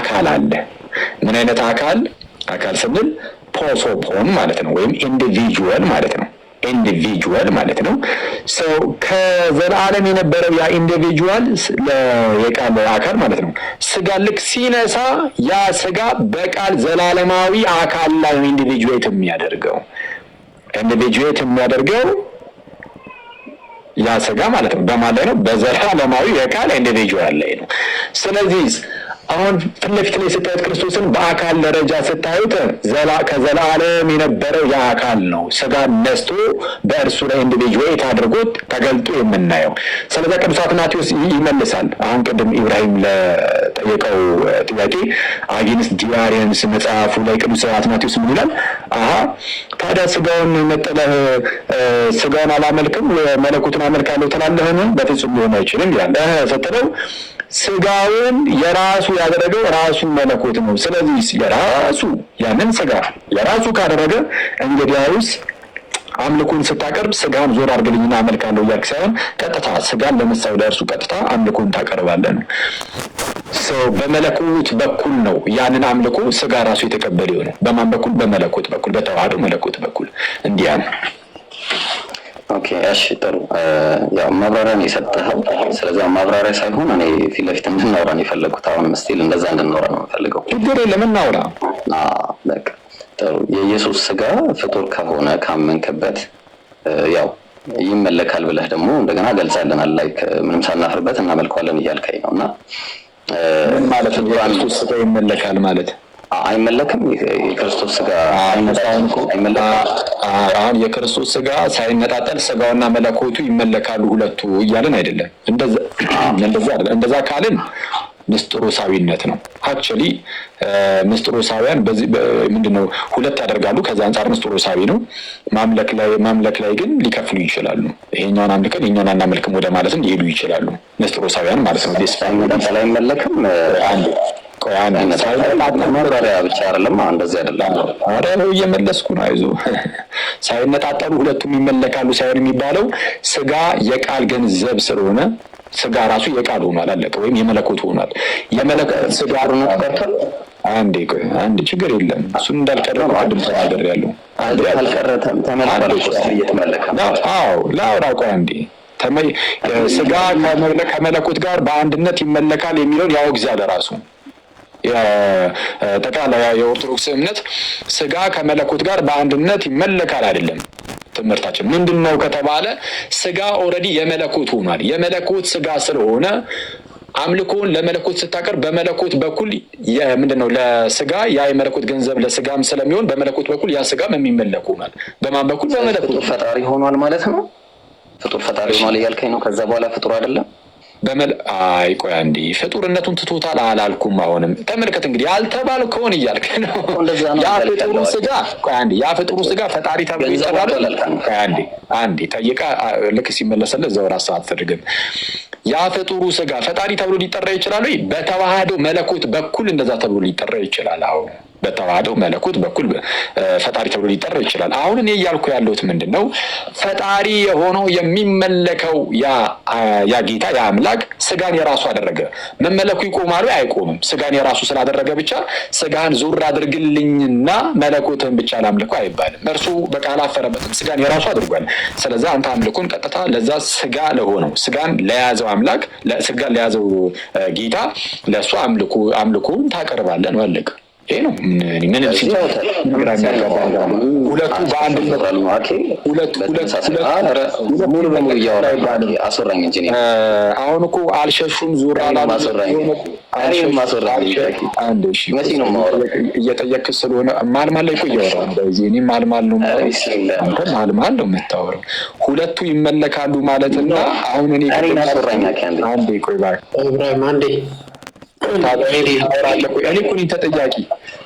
አካል አለ። ምን አይነት አካል? አካል ስንል ፖሶፖን ማለት ነው፣ ወይም ኢንዲቪጁዋል ማለት ነው። ኢንዲቪጁዋል ማለት ነው። ሰው ከዘላለም የነበረው ያ ኢንዲቪጁዋል የቃል አካል ማለት ነው። ስጋ ልክ ሲነሳ ያ ስጋ በቃል ዘላለማዊ አካል ላይ ነው ኢንዲቪጁዌት የሚያደርገው ኢንዲቪጁዌት የሚያደርገው ያ ስጋ ማለት ነው። በማን ላይ ነው? በዘላለማዊ የቃል ኢንዲቪጁዋል ላይ ነው። ስለዚህ አሁን ፊት ለፊት ላይ ስታዩት ክርስቶስን በአካል ደረጃ ስታዩት ከዘላለም የነበረው የአካል ነው። ስጋ ነስቶ በእርሱ ላይ ኢንዲቪጁዌት አድርጎት ተገልጦ የምናየው። ስለዚ ቅዱስ አትናቴዎስ ይመልሳል። አሁን ቅድም ኢብራሂም ለጠየቀው ጥያቄ አጊንስ ዲያሪየንስ መጽሐፉ ላይ ቅዱስ አትናቴዎስ ምን ይላል? አሀ ታዲያ ስጋውን መጠለህ ስጋውን አላመልክም መለኮቱን አመልካለሁ ትላለህን? በፍጹም ሊሆን አይችልም ይላል ስትለው ስጋውን የራሱ ያደረገው ራሱን መለኮት ነው። ስለዚህ የራሱ ያንን ስጋ የራሱ ካደረገ እንግዲያውስ አምልኮን ስታቀርብ ስጋን ዞር አድርግልኝና አመልካለሁ እያልክ ሳይሆን ቀጥታ ስጋን ለምሳው ለእርሱ ቀጥታ አምልኮን ታቀርባለህ ነው። ሰው በመለኮት በኩል ነው ያንን አምልኮ ስጋ ራሱ የተቀበለ የሆነ በማን በኩል? በመለኮት በኩል በተዋህዶ መለኮት በኩል እንዲያ ነው። ኦኬ እሺ ጥሩ ያው ማብራሪያን ነው የሰጠኸው። ስለዚህ ማብራሪያ ሳይሆን እኔ ፊት ለፊት እንድናወራ ነው የፈለግኩት። አሁን ስቲል እንደዛ እንድናወራ ነው የምፈልገው። ችግር የለም እናውራ። ጥሩ። የኢየሱስ ስጋ ፍጡር ከሆነ ካመንክበት ያው ይመለካል ብለህ ደግሞ እንደገና ገልጻለናል። ላይክ ምንም ሳናፍርበት እናመልከዋለን እያልከኝ ነው እና ማለት የኢየሱስ ስጋ ይመለካል ማለት አይመለክም የክርስቶስ ስጋ አሁን የክርስቶስ ስጋ ሳይነጣጠል ስጋውና መለኮቱ ይመለካሉ ሁለቱ እያለን አይደለም። እንደዛ ካልን ምስጢሮሳዊነት ነው። አክቹዋሊ ምስጢሮሳዊያን በዚህ ምንድነው ሁለት ያደርጋሉ። ከዚ አንጻር ምስጢሮሳዊ ነው። ማምለክ ላይ ማምለክ ላይ ግን ሊከፍሉ ይችላሉ። ይሄኛውን አንድ ቀን ይኛውን አናመልክም ወደ ማለትም ሊሄዱ ይችላሉ። ምስጢሮሳዊያን ማለት ነው ስፋ አንዱ ቆያን መበሪያ ብቻ አይደለም። እንደዚህ አይደለም። ኧረ እየመለስኩ ነው። አይዞ ሳይነጣጠሉ ሁለቱም ይመለካሉ ሳይሆን የሚባለው ስጋ የቃል ገንዘብ ስለሆነ ስጋ ራሱ የቃል ሆኗል፣ አለቀ። ወይም የመለኮት ሆኗል። የመለኮት አንዴ ቆይ፣ አንድ ችግር የለም። እሱን እንዳልቀረ ድምፅ ነገር ያለው አዎ፣ ላውራ ቆይ አንዴ ስጋ ከመለኮት ጋር በአንድነት ይመለካል የሚለውን ያወግዛል ራሱ ጠቅላላ የኦርቶዶክስ እምነት ስጋ ከመለኮት ጋር በአንድነት ይመለካል አይደለም። ትምህርታችን ምንድን ነው ከተባለ ስጋ ኦልሬዲ የመለኮት ሆኗል። የመለኮት ስጋ ስለሆነ አምልኮን ለመለኮት ስታቀርብ በመለኮት በኩል ምንድነው ለስጋ ያ የመለኮት ገንዘብ ለስጋም ስለሚሆን በመለኮት በኩል ያ ስጋም የሚመለክ ሆኗል። በማን በኩል? በመለኮት። ፈጣሪ ሆኗል ማለት ነው። ፍጡር ፈጣሪ ሆኗል እያልከኝ ነው። ከዛ በኋላ ፍጡር አይደለም በመል አይ ቆይ አንዴ ፍጡርነቱን ትቶታል አላልኩም። አሁንም ተመልከት እንግዲህ አልተባልከውን እያልክ ነው። የፍጡሩ ስጋ የፍጡሩ ስጋ ፈጣሪ ተብሎ ይጠራል። አንዴ አንዴ ጠይቃ ልክ ሲመለሰለት ዘወር ሰዓት ትድግም የፍጡሩ ስጋ ፈጣሪ ተብሎ ሊጠራ ይችላል ወይ? በተዋህዶ መለኮት በኩል እንደዛ ተብሎ ሊጠራ ይችላል። አሁን በተዋህደው መለኮት በኩል ፈጣሪ ተብሎ ሊጠራ ይችላል። አሁን እኔ እያልኩ ያለሁት ምንድን ነው? ፈጣሪ የሆነው የሚመለከው ያ ጌታ ያ አምላክ ስጋን የራሱ አደረገ። መመለኩ ይቆማሉ አይቆምም። ስጋን የራሱ ስላደረገ ብቻ ስጋን ዙር አድርግልኝና መለኮትን ብቻ ላምልኮ አይባልም። እርሱ በቃል አፈረበትም፣ ስጋን የራሱ አድርጓል። ስለዚ አንተ አምልኮን ቀጥታ ለዛ ስጋ ለሆነው ስጋን ለያዘው አምላክ ስጋን ለያዘው ጌታ ለእሱ አምልኮን ታቀርባለን። አለቀ። ይሄ ነው። ምንም ሁለቱ በአንድነት አስወራኝ እንጂ አሁን እኮ አልሸሹም። ዙር እየጠየክ ስለሆነ ማልማል ላይ እያወራ በዚህ እኔ ማልማል ነው ማልማል ነው የምታወራው። ሁለቱ ይመለካሉ ማለት እና አሁን እኔ አንዴ ቆይ ታበሬ አወራለሁ። እኔ እኮ ተጠያቂ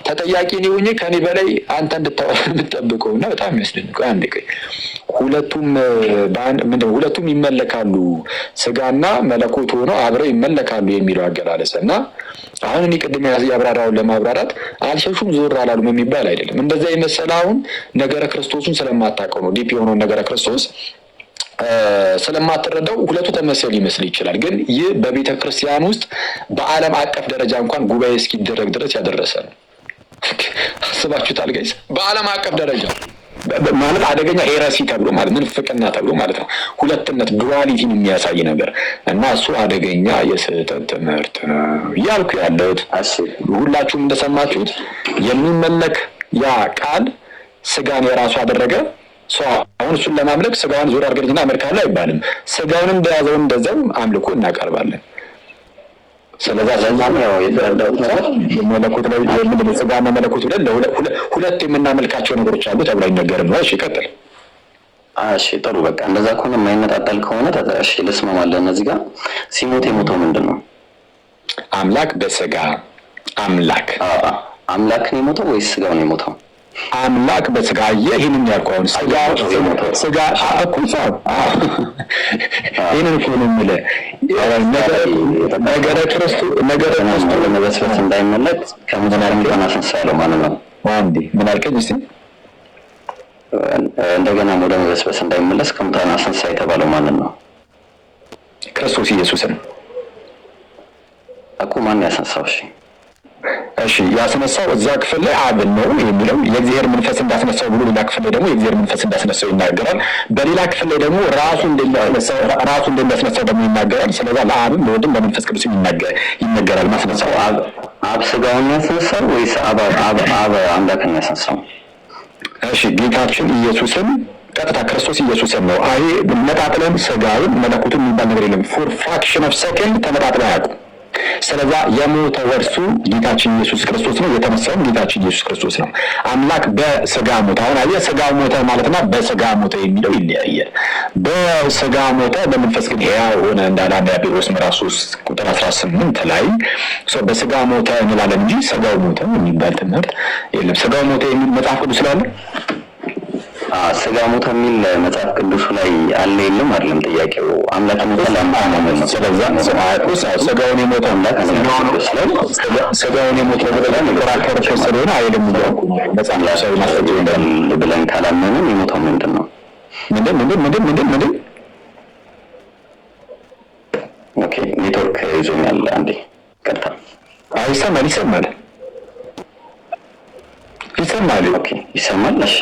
ተጠያቂ እኔ ሆኜ ከኔ በላይ አንተ እንድታወራ የምጠብቀው እና በጣም አንድ ሁለቱም ምንድን ሁለቱም ይመለካሉ ስጋና መለኮት ሆነው አብረው ይመለካሉ የሚለው አገላለጽ እና አሁን እኔ ቅድም ያብራራውን ለማብራራት አልሸሹም ዞር አላሉም የሚባል አይደለም። እንደዛ የመሰለ አሁን ነገረ ክርስቶሱን ስለማታውቀው ነው ዲፕ የሆነውን ነገረ ክርስቶስ ስለማትረዳው ሁለቱ ተመሳሳይ ሊመስል ይችላል። ግን ይህ በቤተ ክርስቲያን ውስጥ በዓለም አቀፍ ደረጃ እንኳን ጉባኤ እስኪደረግ ድረስ ያደረሰ ነው። አስባችሁታል ጋይስ? በዓለም አቀፍ ደረጃ ማለት አደገኛ ሄረሲ ተብሎ ማለት ምንፍቅና ተብሎ ማለት ነው። ሁለትነት ዱዋሊቲን የሚያሳይ ነገር እና እሱ አደገኛ የስህተት ትምህርት ነው እያልኩ ያለሁት። ሁላችሁም እንደሰማችሁት የሚመለክ ያ ቃል ስጋን የራሱ አደረገ አሁን እሱን ለማምለክ ስጋውን ዙር አድርገንና አመልካለሁ አይባልም። ስጋውንም እንደያዘው እንደዛም አምልኮ እናቀርባለን። ስለዛ ዘኛም ያው የተረዳሁት መለኮት ላይ ምንድን ነው መለኮት ብለን ሁለት የምናመልካቸው ነገሮች አሉ ተብሎ አይነገርም ነው። እሺ ቀጥል። እሺ ጥሩ በቃ እንደዛ ከሆነ የማይነጣጠል ከሆነ እሺ ልስማማለህ። እነዚህ ጋር ሲሞት የሞተው ምንድን ነው? አምላክ በስጋ አምላክ አምላክ ነው የሞተው ወይስ ስጋው ነው የሞተው? አምላክ በስጋ አየ። ይህንን ያልኩህ ስጋ እኩል ይህንን ኮን እኮ ነገረ የምልህ። ነገረ ክርስቶስ በመስበት እንዳይመለጥ ከሙታን የሚለውን ማለት ነው። አንዴ ምን አልከኝ? እስኪ እንደገና ወደ መበስበስ እንዳይመለስ ከሙታን አስነሳ የተባለው ማለት ነው። ክርስቶስ ኢየሱስን እኮ ማን ያስነሳው? እሺ እሺ ያስነሳው እዛ ክፍል ላይ አብ ነው የሚለው የእግዚአብሔር መንፈስ እንዳስነሳው ብሎ ሌላ ክፍል ላይ ደግሞ የእግዚአብሔር መንፈስ እንዳስነሳው ይናገራል። በሌላ ክፍል ላይ ደግሞ ራሱ ራሱ እንደሚያስነሳው ደግሞ ይናገራል። ስለዛ ለአብም ለወልድም ለመንፈስ ቅዱስ ይነገራል። ማስነሳው አብ ስጋውን ያስነሳው ወይስ አብ አብ አምላክ ያስነሳው? እሺ ጌታችን ኢየሱስን ቀጥታ ክርስቶስ ኢየሱስን ነው። አይ መጣጥለን ስጋውን መለኮቱን የሚባል ነገር የለም። ፎር ፍራክሽን ኦፍ ሰከንድ ተመጣጥለ አያውቁም። ስለዛ የሞተ ወርሱ ጌታችን ኢየሱስ ክርስቶስ ነው፣ የተነሳውም ጌታችን ኢየሱስ ክርስቶስ ነው። አምላክ በስጋ ሞተ። አሁን አየህ፣ ስጋ ሞተ ማለትና በስጋ ሞተ የሚለው ይለያያል። በስጋ ሞተ በመንፈስ ግን ሕያው ሆነ እንዳለ አንደኛ ጴጥሮስ ምዕራፍ ሶስት ቁጥር አስራ ስምንት ላይ በስጋ ሞተ እንላለን እንጂ ስጋው ሞተ የሚባል ትምህርት የለም። ስጋው ሞተ የሚል መጽሐፍ ቅዱስ ስላለ ስጋ ሞተ የሚል መጽሐፍ ቅዱሱ ላይ አለ የለም? አይደለም ጥያቄው። አምላክ ሞተ ለማማመን ስለዛ ስጋውን የሞተ አምላክ ስጋውን የሞተ ብለን ከራከር ስለሆነ አይልም ብለን ካላመንን የሞተው ምንድን ነው? ምንድን ምንድን ምንድን ምንድን ምንድን ኦኬ፣ ኔትወርክ ይዞኛል። አንዴ ቀጥታ ይሰማል ይሰማል ይሰማል። ኦኬ ይሰማል። እሺ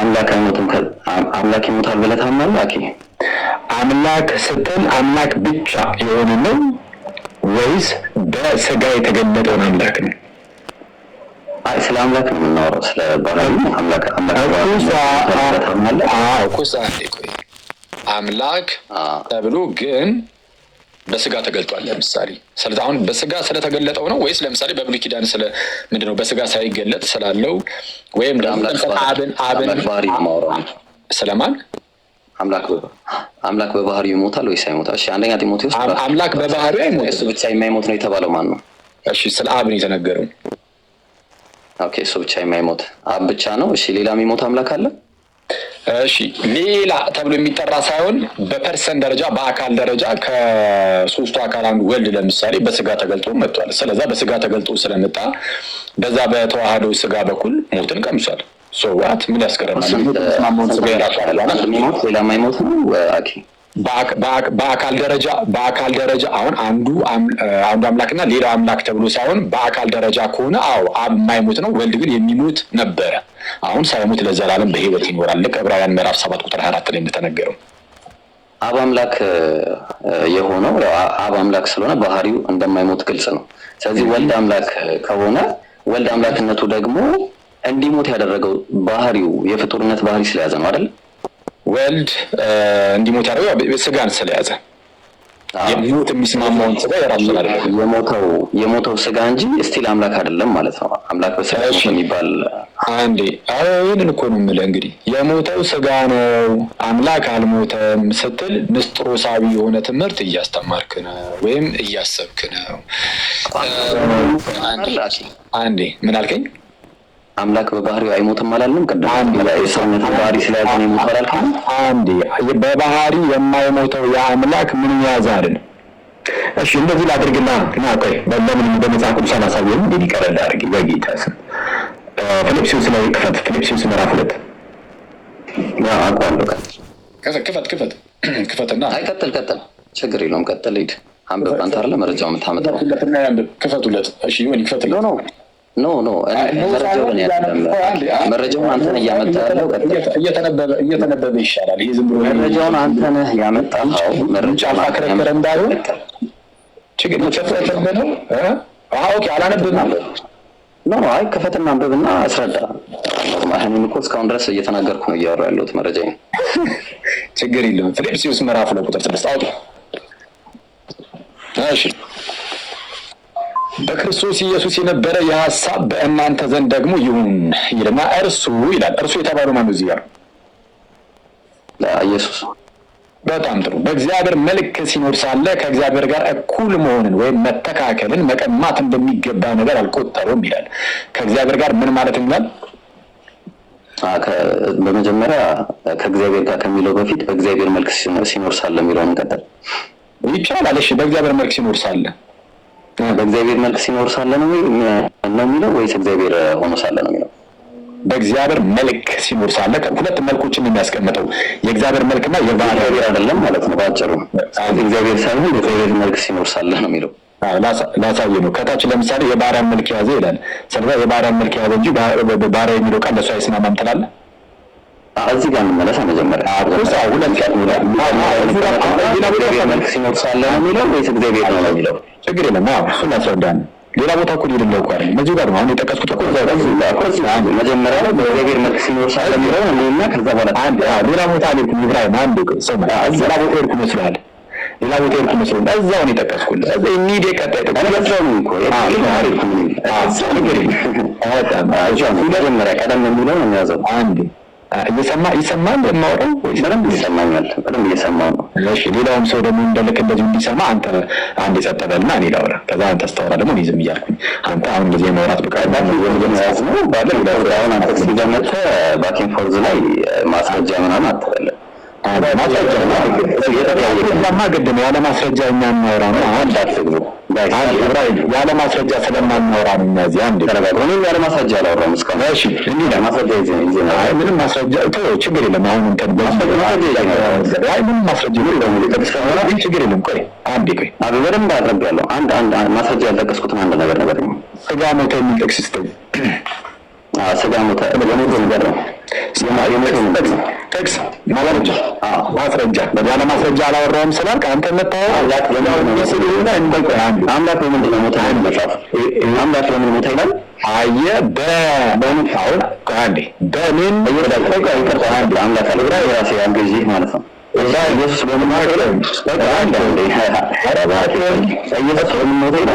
አምላክ ይሞታል ብለህ ታምናለህ? አኬ አምላክ ስትል አምላክ ብቻ የሆነ ነው ወይስ በስጋ የተገለጠውን አምላክ ነው? አይ ስለ አምላክ ነው የምናወራው። ስለ አምላክ አምላክ ተብሎ ግን በስጋ ተገልጧል። ለምሳሌ ስለዚ አሁን በስጋ ስለተገለጠው ነው ወይስ ለምሳሌ በብሉይ ኪዳን ስለ ምንድን ነው በስጋ ሳይገለጥ ስላለው ወይም አብን ስለማን አምላክ አምላክ በባህሪው ይሞታል ወይስ አይሞታል? እሺ አንደኛ ጢሞቴዎስ አምላክ በባህሪው አይሞት እሱ ብቻ የማይሞት ነው የተባለው ማን ነው? እሺ ስለ አብን የተነገረው ኦኬ፣ እሱ ብቻ የማይሞት አብ ብቻ ነው። እሺ ሌላ የሚሞት አምላክ አለ? እሺ ሌላ ተብሎ የሚጠራ ሳይሆን በፐርሰን ደረጃ በአካል ደረጃ ከሶስቱ አካል አንዱ ወልድ ለምሳሌ በስጋ ተገልጦ መጥቷል። ስለዛ በስጋ ተገልጦ ስለመጣ በዛ በተዋህዶ ስጋ በኩል ሞትን ቀምሷል። ሶዋት ምን ያስገረማል? ሌላ ማይሞት ነው በአካል ደረጃ በአካል ደረጃ አሁን አንዱ አንዱ አምላክና ሌላው አምላክ ተብሎ ሳይሆን በአካል ደረጃ ከሆነ አዎ አብ የማይሞት ነው፣ ወልድ ግን የሚሞት ነበረ። አሁን ሳይሞት ለዘላለም በህይወት ይኖራል። ልክ ዕብራውያን ምዕራፍ ሰባት ቁጥር አራት ላይ እንደተነገረው አብ አምላክ የሆነው አብ አምላክ ስለሆነ ባህሪው እንደማይሞት ግልጽ ነው። ስለዚህ ወልድ አምላክ ከሆነ ወልድ አምላክነቱ ደግሞ እንዲሞት ያደረገው ባህሪው የፍጡርነት ባህሪ ስለያዘ ነው አይደል? ወልድ እንዲሞት ያደረገው ስጋን ስለያዘ የሞት የሚስማማውን ስጋ የራሱ የሞተው የሞተው ስጋ እንጂ ስቲል አምላክ አይደለም ማለት ነው። አምላክ በስጋ የሚባል አንዴ ይህንን እኮ ነው የምልህ። እንግዲህ የሞተው ስጋ ነው አምላክ አልሞተም ስትል ንስጥሮሳዊ የሆነ ትምህርት እያስተማርክ ነው ወይም እያሰብክ ነው። አንዴ ምን አልከኝ? አምላክ በባህሪው አይሞትም አላልንም? ቅድም ሰውነት ባህሪ ስለያዘ ይሞት አላልክም? አንዴ በባህሪ የማይሞተው የአምላክ ምን የያዘ እሺ እንደዚህ ላድርግና ና ቆይ ለምን በመጽሐፍ ቅዱስ አላሳብ ወይም እንዴት ይቀረል በጌታ ስም ፊልጵስዩስ ላይ ክፈት። ፊልጵስዩስ ምዕራፍ ሁለት አቋሉ ክፈት ክፈት ክፈትና አይቀጥል ቀጥል ችግር የለውም ቀጥል ሂድ አንብብ። አንተ አይደለ መረጃው የምታመጣው ክፈቱለት። እሺ ይሁን ይክፈትለት ነው ኖ ኖ መረጃውን መረጃውን አንተ ነህ እያመጣህ እየተነበበ ይሻላል። ይህ ዝም ብሎ መረጃውን አንተ ነህ ያመጣኸው። መረጃውን አክረክረ እንዳይሆን ችግር ነው። ኦኬ አላነብብም። ኖ አይ ክፈትና አንብብና አስረዳ። እኔም እኮ እስካሁን ድረስ እየተናገርኩ ነው እያወራሁ ያለሁት መረጃ ችግር የለም። ፊልጵስዩስ ምዕራፍ ሁለት ቁጥር ስድስት አውጡ። እሺ በክርስቶስ ኢየሱስ የነበረ የሀሳብ በእናንተ ዘንድ ደግሞ ይሁን ይልና እርሱ ይላል። እርሱ የተባለው ማነው? እዚህ ጋር ኢየሱስ። በጣም ጥሩ። በእግዚአብሔር መልክ ሲኖር ሳለ ከእግዚአብሔር ጋር እኩል መሆንን ወይም መተካከልን መቀማት እንደሚገባ ነገር አልቆጠሩም ይላል። ከእግዚአብሔር ጋር ምን ማለት ይላል? በመጀመሪያ ከእግዚአብሔር ጋር ከሚለው በፊት በእግዚአብሔር መልክ ሲኖር ሳለ የሚለውን ቀጠል ይቻላል። እሺ፣ በእግዚአብሔር መልክ ሲኖር ሳለ በእግዚአብሔር መልክ ሲኖር ሳለ ነው ነው የሚለው ወይስ እግዚአብሔር ሆኖ ሳለ ነው የሚለው? በእግዚአብሔር መልክ ሲኖር ሳለ ሁለት መልኮችን የሚያስቀምጠው የእግዚአብሔር መልክና የባህርያዊ አይደለም ማለት ነው በአጭሩ። እግዚአብሔር ሳይሆን የእግዚአብሔር መልክ ሲኖር ሳለ ነው የሚለው ላሳየ ነው። ከታች ለምሳሌ የባህርያን መልክ የያዘ ይላል። ስለዚ የባህርያን መልክ የያዘ እንጂ ባህርያ የሚለው ቃል ለሱ አይስማማም ትላለህ እዚህ ጋር እንመለሳ። መጀመሪያ ሲኖር ሳለ ነው የሚለው ወይስ እግዚአብሔር ነው የሚለው? ችግር የለም ሌላ ቦታ እኮ ሄድለው እኮ አይደለም ጋር ነው አሁን የጠቀስኩት እኮ መጀመሪያ ላይ በእግዚአብሔር መልክ ሲኖር ሳለ የሚለው እና ከዛ በኋላ ሌላ ቦታ ሄድኩ ብራይም አንድ ሌላ ቦታ ሄድኩ ይመስላል ሌላ ቦታ ሄድኩ ይመስላል እዛው ነው መጀመሪያ ቀደም የሚለው ነው የሚያዘው አንዴ እየሰማ ይሰማል የማወራው በደንብ ይሰማኛል። በደንብ ነው። ሌላውም ሰው ደግሞ እንደልክ እንደዚሁ እንዲሰማ አንተ አንድ የጸጥ እኔ ላውራ፣ ከዛ አንተ ስታወራ ደግሞ እኔ ዝም እያልኩኝ አንተ አሁን እንደዚህ የማውራት ብቃት ነው። ባለሁን አንተ ፎርዝ ላይ ማስረጃ ምናምን አትበለም። ማስረጃ ግድ ነው። ያለ ማስረጃ እኛ እናወራ ነው። አንድ አትግቡ ያለ ማስረጃ ስለማናወራ ነው። አንድ ያለ ማስረጃ እስካሁን። እሺ እንዲህ ማስረጃ ይዘህ ምንም ማስረጃ ችግር የለም። አሁን እንትን ምንም ማስረጃ ችግር የለም። ቆይ አንዴ ቆይ አብ በደንብ አንድ አንድ ማስረጃ አንድ ነገር ነገር ስጋ ሞተ የሚል ጥቅስ ስጠኝ። ስጋ ሞተ ነገር ነው ጥቅስ ማስረጃ ማስረጃ ያለ ማስረጃ አላወራውም ስላልክ አንተ የምታወራው አምላክ በምንድን ነው ሞተ? አምላክ በምን ሞተ ይላል። አየ በምን አሁን ከአንዴ በምን አምላክ አለ ብላ የራሴ አንገዜ ማለት ነው እዛ ኢየሱስ በምን ሞተ ይላል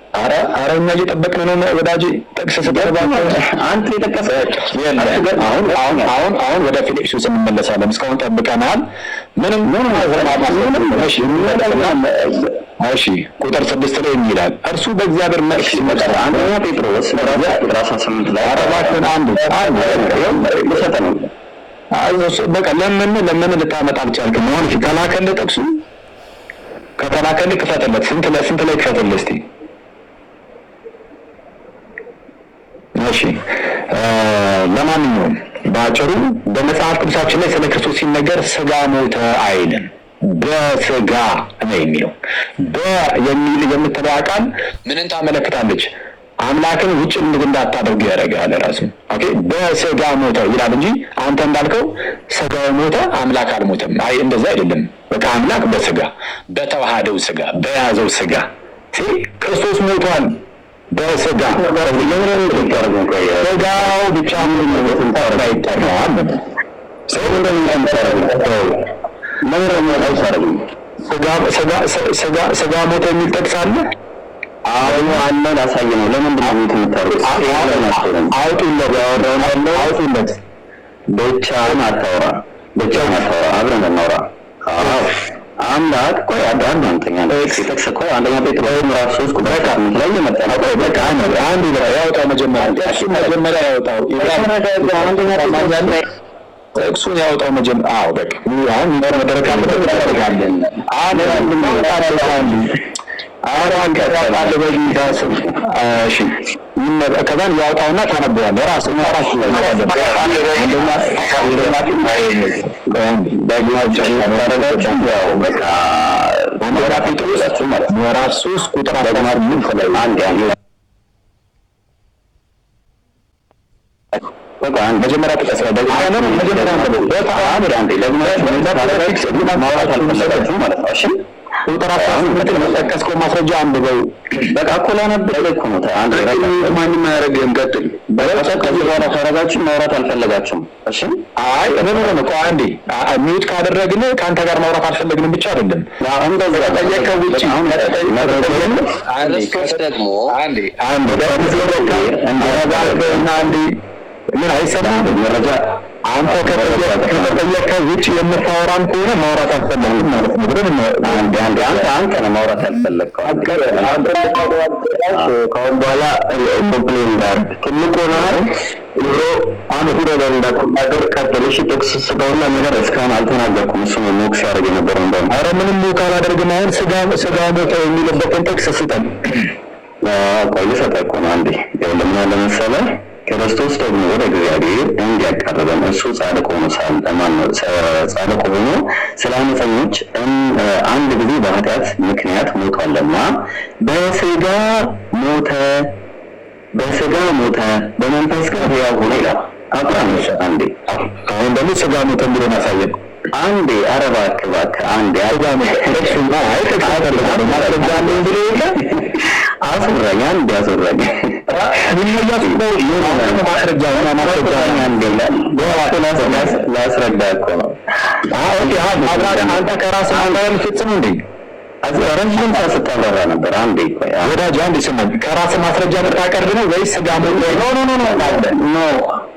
አረ አረ እኛ እየጠበቅን ነው ወዳጅ። ጠቅስ አንተ የጠቀሰ አሁን አሁን አሁን አሁን ወደ ፊልጵስዩስ እንመለሳለን። እስካሁን ጠብቀናል። ምንም እሺ፣ ቁጥር ስድስት ላይ የሚላል እርሱ በእግዚአብሔር መልክ ሲመጣ አንደኛ ጴጥሮስ ራሳ ስምንት ላይ አረባትን አንዱ ሰጠ ነው። በቃ ለምን ለምን ልታመጣ አልቻልክም? አሁን ከላከልህ ጠቅሱ ከተላከልህ ክፈትለት። ስንት ላይ ክፈትልህ እስኪ እሺ ለማንኛውም በአጭሩ በመጽሐፍ ቅዱሳችን ላይ ስለ ክርስቶስ ሲነገር ስጋ ሞተ አይልም። በስጋ ነው የሚለው። በ የሚል የምትለው ቃል ምንን ታመለክታለች? አምላክን ውጭ እንዳታደርገው ያደርጋል ራሱ። በስጋ ሞተ ይላል እንጂ አንተ እንዳልከው ስጋ ሞተ አምላክ አልሞተም። አይ እንደዛ አይደለም። በቃ አምላክ በስጋ በተዋሃደው ስጋ በያዘው ስጋ ክርስቶስ ሞቷል በስጋ ብቻ ይጠቀማል። ስጋ ሞተ የሚል ጥቅስ አለ። አሁኑ አለን አሳየ ነው። ለምንድን ነው ቤት አውጡለት፣ ያወራውን አለ አውጡለት። ብቻውን አታውራ፣ ብቻውን አታውራ፣ አብረን እናውራ። አምላክ ቆይ አንድ አንድ ነው ቴክስ ቆይ አንደኛ ጴጥሮስ ምዕራፍ ሶስት ቁጥር ላይ የመጣ ነው። ቆይ በቃ አንድ ብራ ያውጣው መጀመሪያ እሺ፣ መጀመሪያ ያውጣው ጥቅሱን ያውጣው መጀመሪያ። አዎ በቃ ይሁን መደረግ አለበት። አንድ አንድ አንድ አሁን ከዛን ያወጣውና ታነበዋለህ ራስህ ምዕራፍ ሶስት ቁጥር መጀመሪያ ጥቀስ መጀመሪያ ቁጥር አስራ ስምንት የጠቀስከው ማስረጃ አንብበው። በቃ እኮ ላነብህ ማንም አያደርግህም። ቀጥል። በኋላ ካረጋችሁ ማውራት አልፈለጋችሁም። እሺ፣ አይ አንዴ ሚዩት ካደረግን ከአንተ ጋር ማውራት አልፈለግንም ብቻ አይደለም። ከጠየቀው ውጭ ደግሞ አንዴ አንዴ ምን አይሰማም። መረጃ አንተ ከመጠየቅህ ውጭ የምታወራን ከሆነ ማውራት አልፈለግም ማለት ነው ብለን አንድ አንድ አንተ አንተ ነው ማውራት ያልፈለግከው። ከአሁን በኋላ ኮምፕሌን እንዳያደርግ ትልቅ ሆነሃል። ሮ አመቱ ነገር እንዳትናገር ቀጥል። እሺ ጥቅስ ስለሆነ ነገር እስካሁን አልተናገርኩም። እሱ ነው ሞክስ የነበረው እንደሆነ። ኧረ ምንም ሞክ አላደርግም። አሁን ስጋ ስጋ ሞተ የሚልበትን ጥቅስ ስጠን። ቆይ ሰጠህ አንዴ ለምን አለ ክርስቶስ ደግሞ ወደ እግዚአብሔር እንዲያቀርበን እሱ ጻድቅ ሆኖ ጻድቅ ሆኖ ስለ አመፀኞች አንድ ጊዜ በኃጢአት ምክንያት ሞቷልና በስጋ ሞተ በስጋ ሞተ በመንፈስ ጋር ያው ሆነ ይላል። አብራመሸ አንዴ አሁን ደግሞ ስጋ ሞተ ብሎን አሳየን። አንዴ ኧረ እባክህ እባክህ አንዴ አስረኝ አንዴ አስረኝ ረዥም ነበር። አንዴ ወዳጅ አንዴ ስማኝ፣ ከራስ ማስረጃ የምታቀርብ ነው ወይስ ስጋ ኖ ኖ ኖ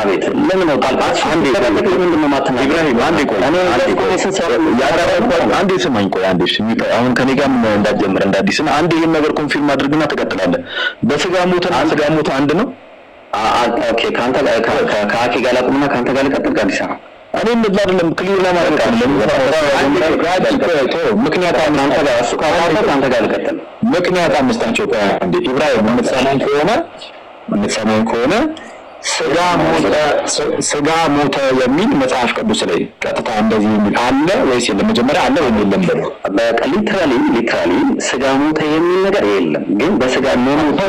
አቤት ለምን ነው ታልባት? አንዴ አንዴ ስማኝ፣ ቆይ አንዴ አሁን ከኔ ጋር እንዳትጀምር እንዳዲስና አንዴ ይህን ነገር ኮንፊርም አድርግና ትቀጥላለህ። በስጋ ሞት ስጋ ሞት አንድ ነው። ኦኬ ከአንተ ጋር ከአኬ ጋር ላቁምና ከአንተ ጋር ልቀጥል ከአዲስ እኔ እንደዛ አይደለም። ክሊር ለማድረግ ምክንያት አምስታቸው ኢብራሂም የምትሰማኝ ከሆነ የምትሰማኝ ከሆነ ስጋ ሞተ የሚል መጽሐፍ ቅዱስ ላይ ቀጥታ እንደዚህ የሚል አለ ወይስ የለም? መጀመሪያ አለ ወይም የለም ብሎ ሊትራሊ ሊትራሊ ስጋ ሞተ የሚል ነገር የለም። ግን በስጋ መሞተው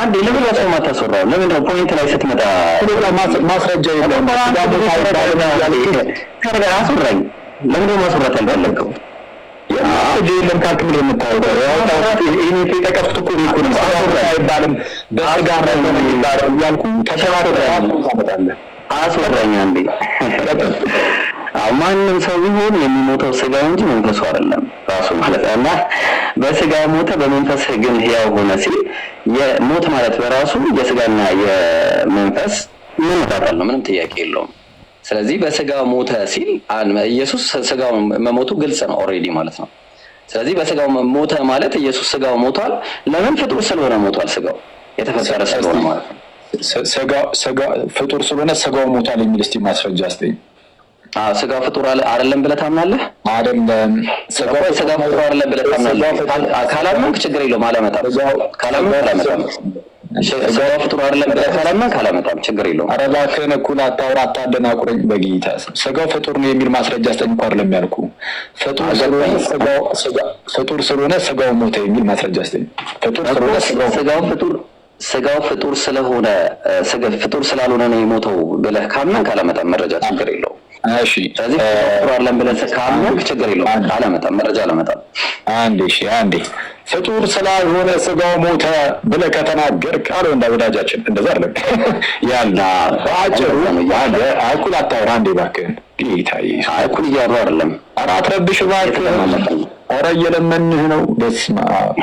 አንድ ለምን ያሰው ማታሰራው ለምን ነው ፖይንት ላይ ስትመጣ ማስረጃ የለም። ስጋ ሞተ ያለ ያለ ያለ ያለ ያለ ያለ ማንም ሰው ቢሆን የሚሞተው ስጋ እንጂ መንፈሱ አይደለም ራሱ ማለት እና በስጋ ሞተ በመንፈስ ግን ሕያው ሆነ ሲል የሞት ማለት በራሱ የስጋና የመንፈስ ምን ነው፣ ምንም ጥያቄ የለውም። ስለዚህ በስጋ ሞተ ሲል ኢየሱስ ስጋው መሞቱ ግልጽ ነው ኦልሬዲ ማለት ነው። ስለዚህ በስጋው ሞተ ማለት ኢየሱስ ስጋው ሞቷል። ለምን? ፍጡር ስለሆነ ሞቷል። ስጋው የተፈጠረ ስለሆነ ማለት ነው። ፍጡር ስለሆነ ስጋው ሞቷል የሚል እስቲ ማስረጃ አስጠኝ። ስጋ ፍጡር አይደለም ብለህ ታምናለህ? አይደለም። ስጋ ፍጡር አይደለም ብለህ ታምናለህ? ካላመንክ ችግር የለውም አላመጣም። ካላመንክ አላመጣም ጋራ ፍጥሮ አይደለም ካላማ ካላመጣም ችግር የለውም። ኧረ እባክህን እኩል አታውራ፣ አታደናቁረኝ በጌታ ስጋው ፍጡር ነው የሚል ማስረጃ ስጠኝ እኮ አይደለም ያልኩ ፍጡር ስለሆነ ስጋው ሞተ የሚል ማስረጃ ስጠኝ። ስጋው ፍጡር ስለሆነ ፍጡር ስላልሆነ ነው የሞተው ብለህ ካመንክ አላመጣም መረጃ ችግር የለውም። እሺ ስለዚህ ፍጡር አይደለም ብለህ ካመንክ ችግር የለውም። አላመጣም መረጃ አላመጣም። አንዴ እሺ አንዴ ፍጡር ስላልሆነ ስጋው ሞተ ብለ ከተናገር ቃሉ እንዳ ወዳጃችን፣ እንደዛ አለ ያለ በአጭሩ አኩል አታውራ እንዴ እባክህን፣ አይኩል እያሉ አይደለም። ኧረ አትረብሽ እባክህ፣ ኧረ እየለመንህ ነው። በስመ አብ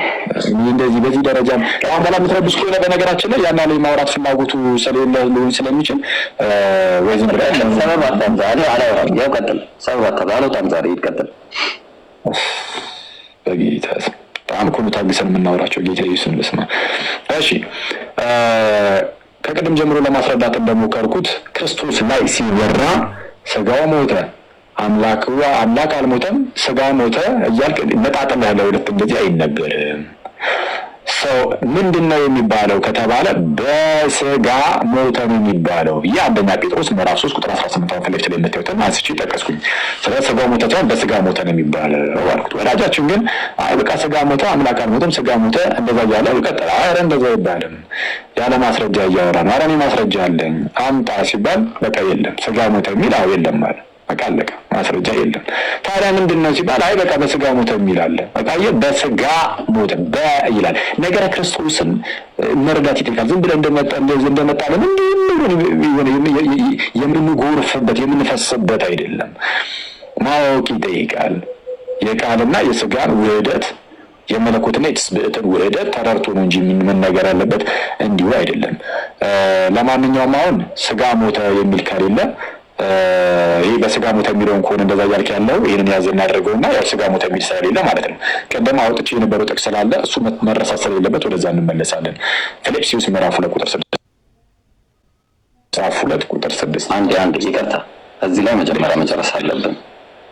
እንደዚህ በዚህ ደረጃ አሁን በላ የምትረብሽ ከሆነ በነገራችን ላይ ያና ላይ ማውራት ፍላጎቱ ስለሌለ ሊሆን ስለሚችል ወይዝም ብለህ ሰበብ አታምጣ። እኔ አላወራም። ያው ቀጥል፣ ሰበብ አታምጣ። አልወጣም ዛሬ ይቀጥል በጌታ በጣም ኩኑ ታግሰን የምናወራቸው ጌታ ኢየሱስን ልስማ። እሺ ከቅድም ጀምሮ ለማስረዳት እንደሞከርኩት ክርስቶስ ላይ ሲወራ ስጋው ሞተ አምላክ አምላክ አልሞተም፣ ስጋ ሞተ እያልክ ያለ ሁለት እንደዚህ አይነገርም። ሰው ምንድን ነው የሚባለው ከተባለ በስጋ ሞተ ነው የሚባለው። ይህ አንደኛ ጴጥሮስ ምዕራፍ ሶስት ቁጥር አስራ ስምንት አመት ላይ የምታዩትን አንስቼ ይጠቀስኩኝ ስለ ስጋ ሞተ ሳይሆን በስጋ ሞተ ነው የሚባለው አልኩት። ወዳጃችን ግን አይ በቃ ስጋ ሞተ አምላክ አልሞተም ስጋ ሞተ እንደዛ እያለ ይቀጥላል። አረ እንደዛ አይባልም። ያለ ማስረጃ እያወራ ነው። አረ እኔ ማስረጃ አለኝ አምጣ ሲባል በቃ የለም ስጋ ሞተ የሚል አዎ የለም ማለት በቃ አለቀ። ማስረጃ የለም። ታዲያ ምንድን ነው ሲባል፣ አይ በቃ በስጋ ሞተ የሚላለ በቃ በስጋ ሞተ በ ይላል። ነገረ ክርስቶስን መረዳት ይጠይቃል። ዝም ብለን እንደመጣለን የምንጎርፍበት የምንፈስበት አይደለም። ማወቅ ይጠይቃል። የቃልና የስጋን ውህደት የመለኮትና የትስብእትን ውህደት ተረርቶ ነው እንጂ መነገር ያለበት እንዲሁ አይደለም። ለማንኛውም አሁን ስጋ ሞተ የሚል ከሌለ ይህ በስጋ ሞተ የሚለውን ከሆነ እንደዛ እያልክ ያለው ይህንን ያዘ እናደርገው እና ያው ስጋ ሞተ የሚል ስለሌለ ማለት ነው። ቀደም አውጥቼ የነበረው ጥቅስ ስላለ እሱ መረሳት ስለሌለበት ወደዛ እንመለሳለን። ፊልጵስዩስ ምዕራፍ ሁለት ቁጥር ስድስት ምዕራፍ ሁለት ቁጥር ስድስት አንድ አንድ ይቀርታ እዚህ ላይ መጀመሪያ መጨረስ አለብን።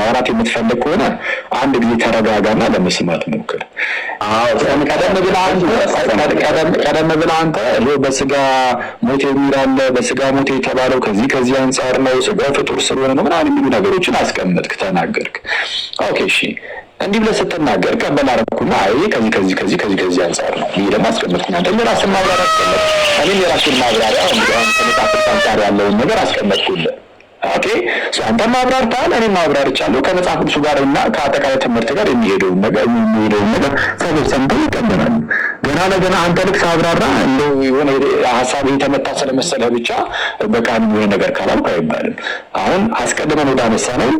ማውራት የምትፈልግ ከሆነ አንድ ጊዜ ተረጋጋና ለመስማት ሞክር። ቀደም ብለህ አንተ ይሄ በስጋ ሞት የሚል አለ፣ በስጋ ሞት የተባለው ከዚህ ከዚህ አንጻር ነው፣ ስጋ ፍጡር ስለሆነ ነው ምናምን የሚሉ ነገሮችን አስቀመጥክ፣ ተናገርክ። ኦኬ እሺ፣ እንዲህ ብለህ ስትናገር ቀበል አደረኩና አይ ከዚህ ከዚህ ከዚህ ከዚህ ከዚህ አንጻር ነው ይህ ደግሞ አስቀመጥኩ። አንተ የራስን ማብራሪያ አስቀመጥክ፣ እኔም የራሱን ማብራሪያ ከመጣፍት አንጻር ያለውን ነገር አስቀመጥኩልህ። ኦኬ አንተም እኔ ማብራር ይቻለሁ። ከመጽሐፍ ቅዱሱ ጋር እና ከአጠቃላይ ትምህርት ጋር የሚሄደውን ነገር የሚሄደውን ነገር ሰዎች ሰምተው ይቀበላሉ። ገና ለገና አንተ ልክ ሳብራራ እንደ የሆነ ሀሳብ የተመታ ስለመሰለህ ብቻ በቃ የሆነ ነገር ካላልኩ አይባልም። አሁን አስቀድመን ወደ አነሳ ነው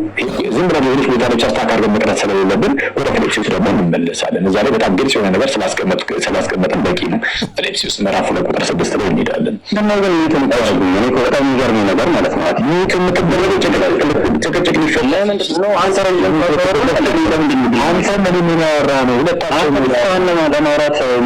ዝም ብለን የሆነች ቦታ ብቻ አስተካክለን መቅረት ስለሌለብን ወደ ፊልጵስዩስ ደግሞ እንመለሳለን። እዛ ላይ በጣም ግልጽ የሆነ ነገር ስላስቀመጥን በቂ ነው። ፊልጵስዩስ ምዕራፍ ሁለት ቁጥር ስድስት ላይ እንሄዳለን። በጣም የሚገርም ነገር ማለት ነው። ይህ ከምትደረገው ጭቅጭቅ ሊፈለ አንተ ምን የሚያወራ ነው? ሁለታቸው ለማውራት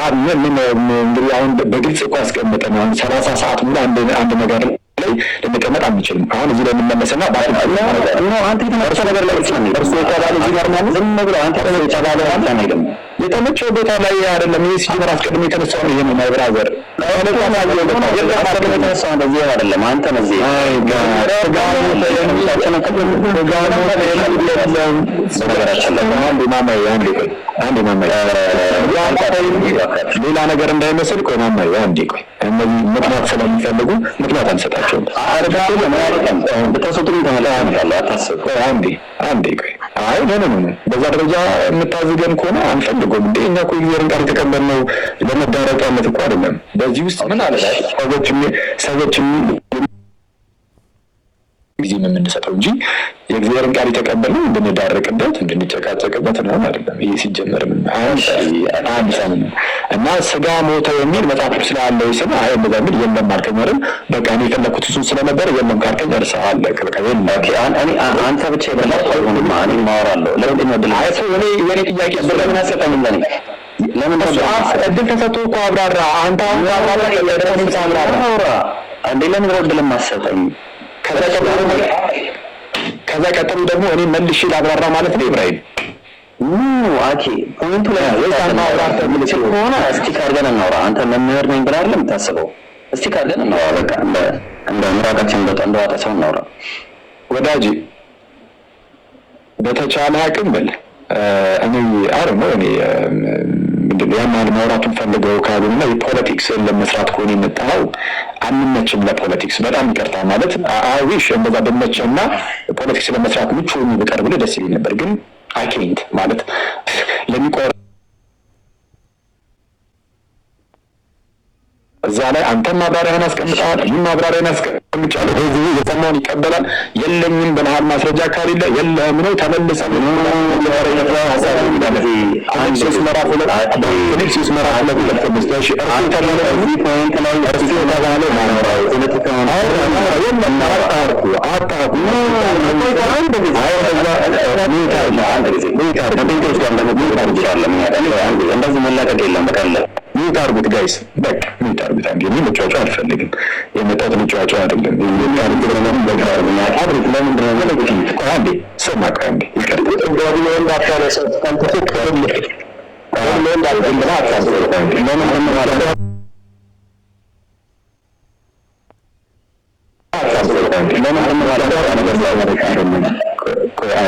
እንግዲህ አሁን በግልጽ እኮ አስቀመጠ አሁን ሰላሳ ሰዓት ሙሉ አንድ ነገር ላይ ልንቀመጥ አንችልም። አሁን እዚህ ላይ የምንመለስና የተመቸ ነገር ላይ የተባለ ዝም አንተ የተባለ አንተ አይደለም የተመቸው ቦታ ላይ አይደለም። ይህ ሲጀመር አስቀድሞ የተነሳው ነው። ይሄ ነው ሌላ ነገር እንዳይመስል ቆይ ማማዬ አንዴ ቆይ እነዚህ ምክንያት ስለሚፈልጉ ምክንያት አልሰጣቸውም። ተሰጡ ተመላለ አታስብ። አንዴ አንዴ ቆይ አይ ነ ነ በዛ ደረጃ የምታዝገን ከሆነ አንፈልጎም እንዴ እኛ እኮ እግዚአብሔርን ቃል የተቀበልነው ለመዳረቂያነት እኮ አይደለም። በዚህ ውስጥ ምን አለ ሰዎች ሰዎች ጊዜም የምንሰጠው እንጂ የእግዚአብሔርን ቃል የተቀበልነው እንድንዳረቅበት እንድንጨቃጨቅበት ነው አይደለም። ይህ ሲጀመር አንድ ሰው እና ስጋ ሞተ የሚል መጽሐፍ ቅዱስ ስላለው ስም አይ እንደዛ የሚል የለም አልከኝ አይደል? በቃ እኔ የፈለግኩት እሱን ስለነበረ የለም ካልከኝ እርስ አለ አንተ ብቻ የኔ ጥያቄ ለምን አሰጠም ለኔ ለምን እድል ተሰጥቶ እኮ አብራራ። አንተ አሁን አብራራ እንዴ ለምን ረድልም አሰጠኝ ከዛ ቀጥሎ ደግሞ እኔ መልሼ ላብራራ ማለት ነው ኢብራሂም አኬ ፖይንቱ ላይ ከሆነ እስቲ ካርገን እናውራ። አንተ መምህር ነኝ ብለህ አይደለም የምታስበው? እስቲ ካርገን እናውራ። በቃ እንደ ምራቃችን በጣም እንደዋጠ ሰው እናውራ። ወዳጅ በተቻለ አቅም በል እኔ አር ነው እኔ ምንድነው ያን ያህል ማውራቱን ፈልገው ካሉና የፖለቲክስን ለመስራት ከሆነ የመጣኸው አንመችም ለፖለቲክስ በጣም ይቅርታ ማለት አዊሽ እንደዛ ብመችህ እና ፖለቲክስ ለመስራት ምቹ ብቀርብልህ ደስ ይለኝ ነበር ግን አይ ኬንት ማለት ለሚቆረ እዛ ላይ አንተም ማብራሪያን አስቀምጠሃል፣ እኔም ማብራሪያን አስቀምጫለሁ። ህዝቡ የሰማውን ይቀበላል። የለኝም በመሀል ማስረጃ ከሌለ የለህም ነው ተመልሰ ሚውት አድርጉት ጋይስ፣ በቃ ሚውት አድርጉት። አንድ የሚ መጫወጫ አልፈልግም። የመጣት መጫወጫ አይደለም።